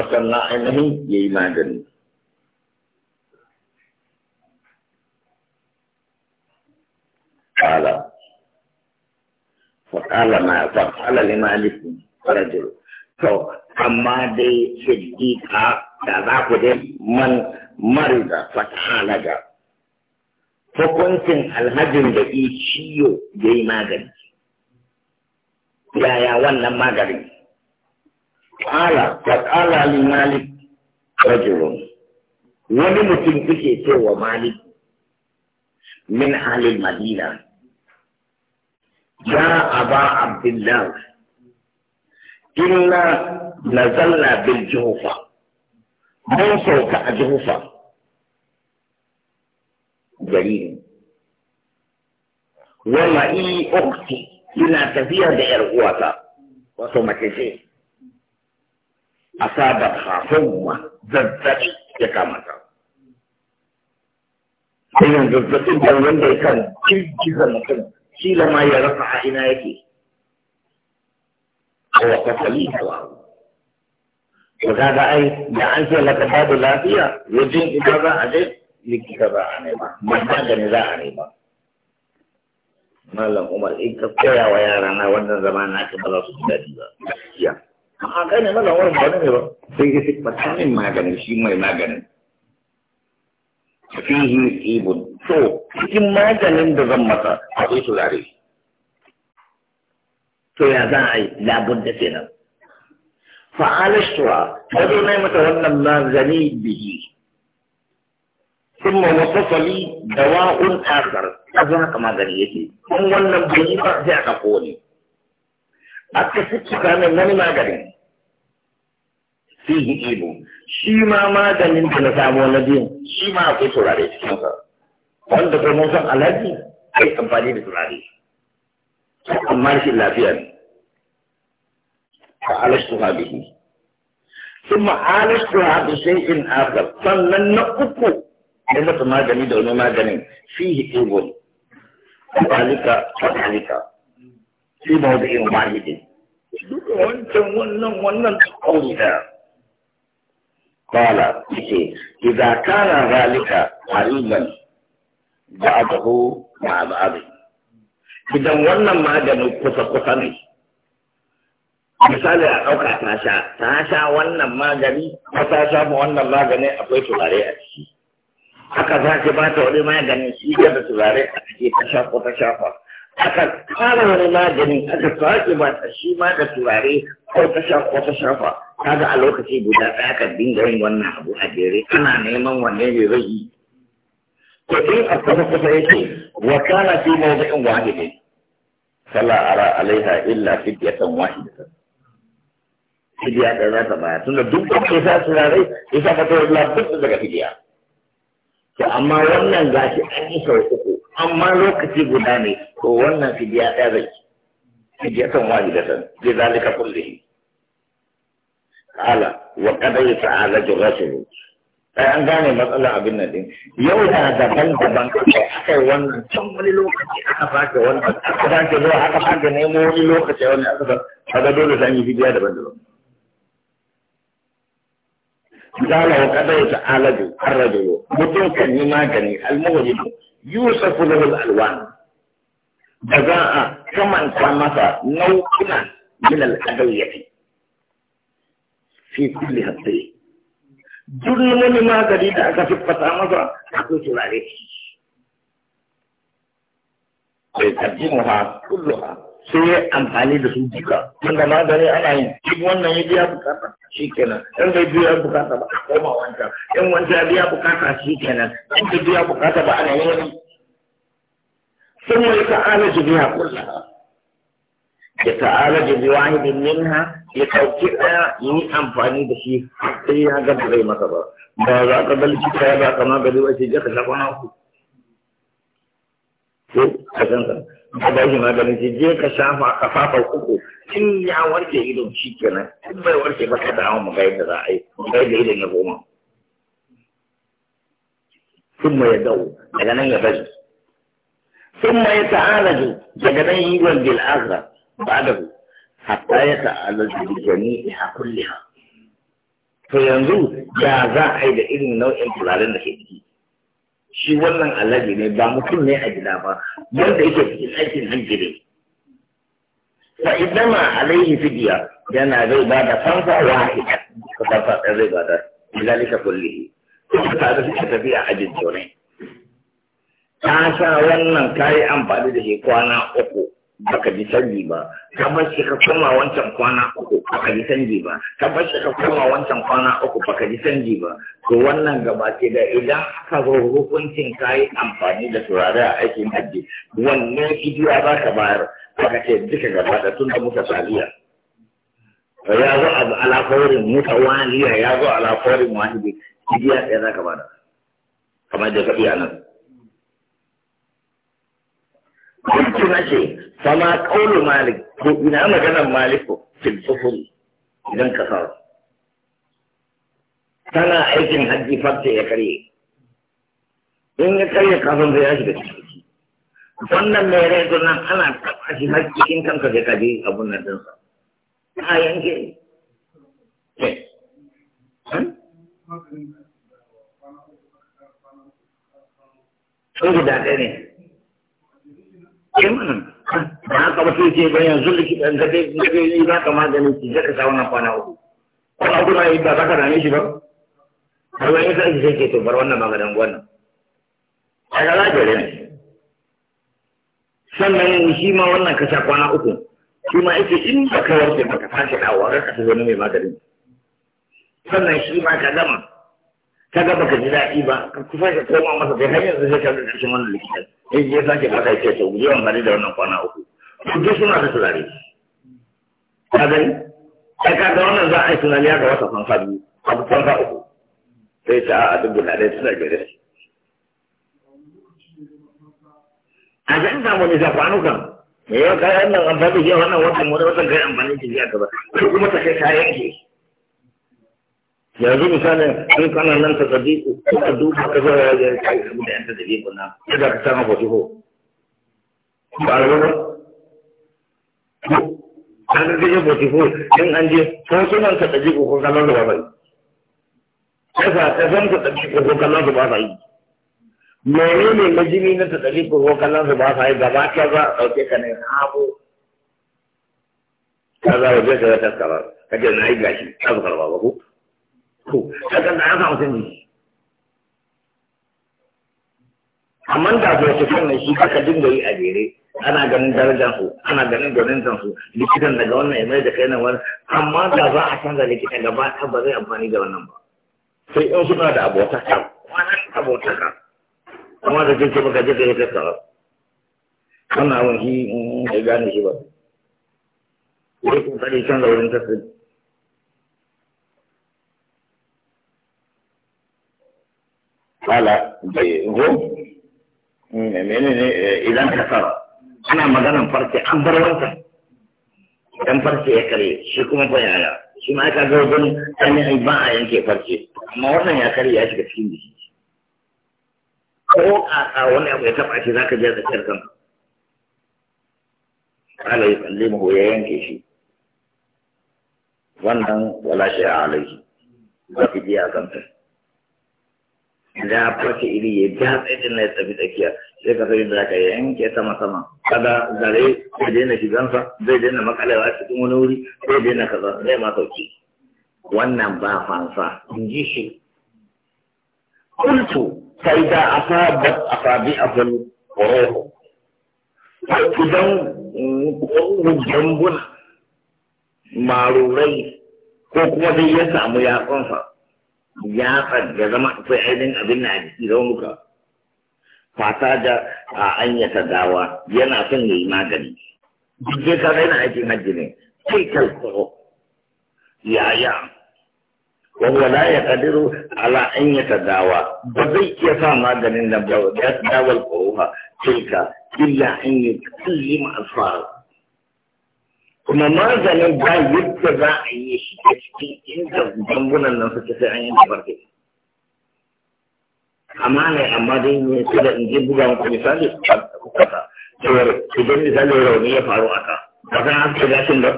masalla ainihin ya magani قال فقال ما فقال لمالك رجل to dai siddiqa da za ku man marida fatahalaga hukuncin alhajin da yi ciyo ya yi magani yaya wannan magani قال فقال لمالك رجل wani mutum kuke ce wa malik min halin madina ya aba abdullah inna nazalla bil juhufa mun sauka a jufa gari Wala ma'i ukti ina tafiya da yar uwata wato mace ce أصابتها حمى زلزال يكامتها irin zazzafin da wanda ya kan girgiza mutum kila ma ya rasa a ina yake a wata salita ba to kaga ai da an ce laka babu lafiya wajen idan za a je likita za a nema magani za a nema malam umar in ka koya wa yara na wannan zama na ka ba za su daɗi ba gaskiya kai ne mala bane ne ba sai ya ce fatanin maganin shi mai maganin fihi ibun to cikin maganin da zan masa akwai turare to ya za a yi labun da kenan fa'alashtuwa ta zo na yi mata wannan magani bihi ثم وصف لي دواء آخر أظن كما wannan هم ولم بني بعد أقولي أكثر كان من ما غني fihi ibu shi ma maganin da na samu na biyun shi ma akwai turare cikinsa sa wanda kuma san alhaji yi amfani da turare amma shi lafiya ne fa alashtuha bihi thumma alashtuha bi shay'in akhar sannan na uku da mata magani da wani maganin fihi kwalika zalika zalika wani mawdi'in wahidin duka wancan wannan wannan kauli da قال إذا كان ذلك قريبا بعضه مع بعض إذا ولنا ما جنوا كسا كسا ne. misali a ɗauka ta sha ta sha wannan magani ko ta sha mu wannan magani akwai turare a ciki haka za ki ba ta wani magani shi ga da turare a ciki ta sha ko ta shafa aka kara wani magani aka sake mata shi ma da turare ko ta sha ta shafa kaga a lokaci guda ɗaya ka dinga yin wannan abu a jere ana neman wanne ne zai yi to in a kuma kusa yake wa kana fi mawdi'in wahidin fala ara alaiha illa fidyatan wahidatan fidiya da za ta baya tunda duk da ke sa turare ya sa fata daga fidiya to amma wannan gashi an yi sau uku amma lokaci guda ne to wannan fidiya ɗaya zai fidiya san wajidatan bi zalika kullihi ala wa qadai ta'ala jurashu ai an gane matsalar abin nan din yau da daban daban akai wannan can wani lokaci aka sake wannan aka sake zuwa aka sake nemo wani lokaci wani aka sake kaga dole zan yi fidiya daban daban zalawa kadai ta alaju an rage yau mutum kan yi magani almuhuri yusuf zuwa alwan da za a kamanta masa nau'ina min al'adar yafi fi kulli hatsari duk wani magani da aka fi fata masa a kai turare shi sai kullu ha sai ya amfani da su duka wanda ma magani ana yin duk wannan ya biya bukata shi kenan in bai biya bukata ba a koma wanta in wanta ya biya bukata shi kenan in bai biya bukata ba ana yi wani sun wani ta'ala ji biya kulla ya ta'ala ji biya jibi wahidin minha ya ɗauki ɗaya yi amfani da shi sai ya gaba zai maka ba ba za ka bar likita ya ba kama gari wace shi jaka shafa na ku ko ka kan ka ba shi maganin ce je ka shafa a kafafar uku in ya warke idon shi kenan in bai warke ba ka dawo mu gaida za a yi mu gaida yadda idon ya koma sun ya dawo daga nan ya bari sun ya ta'alaju daga nan yi wa bil'azra ba da ku hatta ya ta'alaju bi jami'iha kulliha to yanzu ya za a yi da irin nau'in turaren da ke ciki shi wannan alhaji ne ba mutum ne a gida ba wanda yake cikin aikin hajji ne fa idama alaihi fidiya yana zai ba da fansa wahida ka fansa ɗan zai ba da ilalika kullihi kuma ta da ta tafi a ajin ta sha wannan kayi amfani da shi kwana uku baka ji canji ba ka bar shi ka koma wancan kwana uku baka ji canji ba ka bar shi ka koma wancan kwana uku baka ji canji ba to wannan gaba ce da idan ka zo hukuncin ka yi amfani da turare a aikin hajji wannan igiya za ka bayar baka ce duka gaba da tun da muka saliya ya zo a muka wani ya zo alafawarin wahidi igiya ɗaya za ka bada kamar da ka iya nan kuntu nace fama kaulu malik ko ina maganar maliku fil sufur idan ka sa tana aikin hajji farce ya karye in ya karye kafin zai ya shiga ciki wannan mai rai nan ana taɓa shi hajji in kanka sai ka abun nan dinsa a yanke Sun hmm? gida ɗaya ne, in da haka wasu ce ba yanzu likitan da kai da kai za ka magani ki zaka sa wannan kwana uku kwana uku na yi za ka dame shi ba har wani yasa ake ke to bar wannan maganin wannan a ga lafiyar ne sannan shi ma wannan ka kwana uku shi ma yake in ba ka warke ba ka fashe dawowa ka tafi wani mai magani. sannan shi ma ka gama kaga baka ji daɗi ba ka kusa ka koma masa kai har yanzu sai ka ga ƙarshen wannan likitan eh, in ya sake baka ce to guje amfani da wannan kwana uku to duk suna da tunani ka gani sai ka ga wannan za a yi tunani ya ga wata fanfa biyu abu fanfa uku sai ta a duk guda ɗaya suna gare su a in samu ne ta kwanukan me yau ka yi nan amfani da shi wannan watan wani watan kai amfani da shi a gaba ko kuma ta kai kayan ke yanzu misali an kana nan ta tsabi ka duba ka zo ya ga kai abu da yanta da bi kuna da ka san ko ko ba alwala an da je ko ko in an je ko sunan ka tsabi ko kallon da ba bai kafa ka san ka tsabi ko kallon da ba bai mene ne majini na ta ko ko kallon da ba bai gaba ta za a dauke ka ne habo ka za ka je ka taskara kaje na yi gashi ka karba ba ko to kaga na aka mutunci amma da zuwa su kan shi aka dinga yi a jere ana ganin darajar su ana ganin gwanintan su likitan daga wannan ya mai da kai nan amma da za a canza likita gaba ɗaya ba zai amfani da wannan ba sai in suna da abotaka kwanan abotaka amma da kike baka je ka yi tattara wannan abin shi mm, in ya gane shi ba. Wai kun tsari canza wurin tasiri. kala bai go ne ne idan ka fara ana maganan farce an bar wanka dan farce ya kare shi kuma ba yaya shi ma aka ga wajen an yi ba a yanke farce amma wannan ya kare ya shiga cikin jiki ko a wani abu ya taba shi zaka je da kirkan kala ya mu ya yanke shi wannan wala shi a alaihi ba a kan ta. da fashe iri ya ja tsaye na ya tafi tsakiya sai ka sai da ka yanke sama sama kada zare zai daina shigansa zai daina makalewa cikin wani wuri zai daina kaza zai ma sauki wannan ba fansa in ji shi kuntu sai da asabat asabi afal ruhu idan jambun marurai ko kuma dai ya samu ya kansa ya ya zama akwai ainihin abin a jiki raunuka fata da a anyata dawa yana son ya yi magani je ka yana aikin hajji ne sai ya yaya wanda la ya kadiru ala anyata gawa dawa ba zai iya sa maganin da dawal koroha sai ka illa an yi kulli ma'asfara kuma maganin ba yadda za a yi shi a cikin inda bangunan nan suke sai an yi tabarke amma ne amma dai ne su da in je buga muku misali kasa cewar idan misali rauni ya faru a ka ba san an ce gashin ba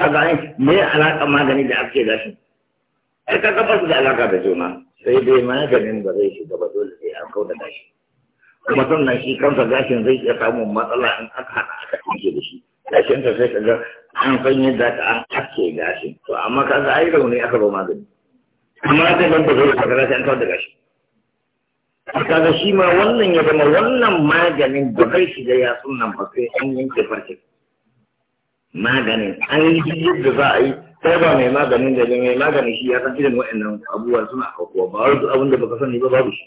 a gani me alaƙa magani da ake gashin ai ka kafa su da alaƙa da juna sai dai maganin ba zai shiga ba dole sai an kau da gashi kuma sannan shi kansa gashin zai iya samun matsala in aka haɗa aka ɗauke da shi gashin ta sai kaga an san yadda ta an ake gashin to amma ka ga ai rauni aka ba magani amma ta ban da zai kaga sai an kawo da gashi kaga shi ma wannan ya zama wannan maganin ba kai da ya sunan ba sai an yanke farce maganin an yi yadda za a yi sai ba mai maganin da mai maganin shi ya san irin waɗannan abubuwa suna kowa ba wani abin da baka sani ba babu shi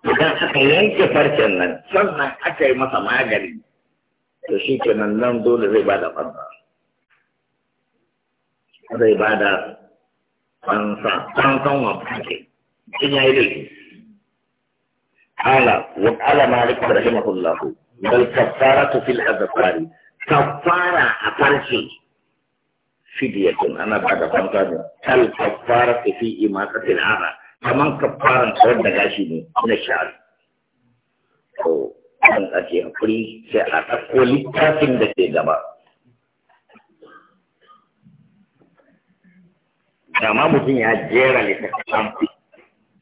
idan aka yanke farcen nan sannan aka yi masa magani to shi kenan nan dole zai bada da fansa zai bada da fansa fansan wa fake in ya yi laifi ala wa ala malik rahimahullahu bal kaffaratu fil azfari kaffara a farce fidiyatun ana bada da fansa ne kal kaffaratu fi imaqatil arab kaman kafaran tsar da gashi ne na shari to an ake hakuri sai a ɗauko littafin da ke gaba dama mutum ya jera littafin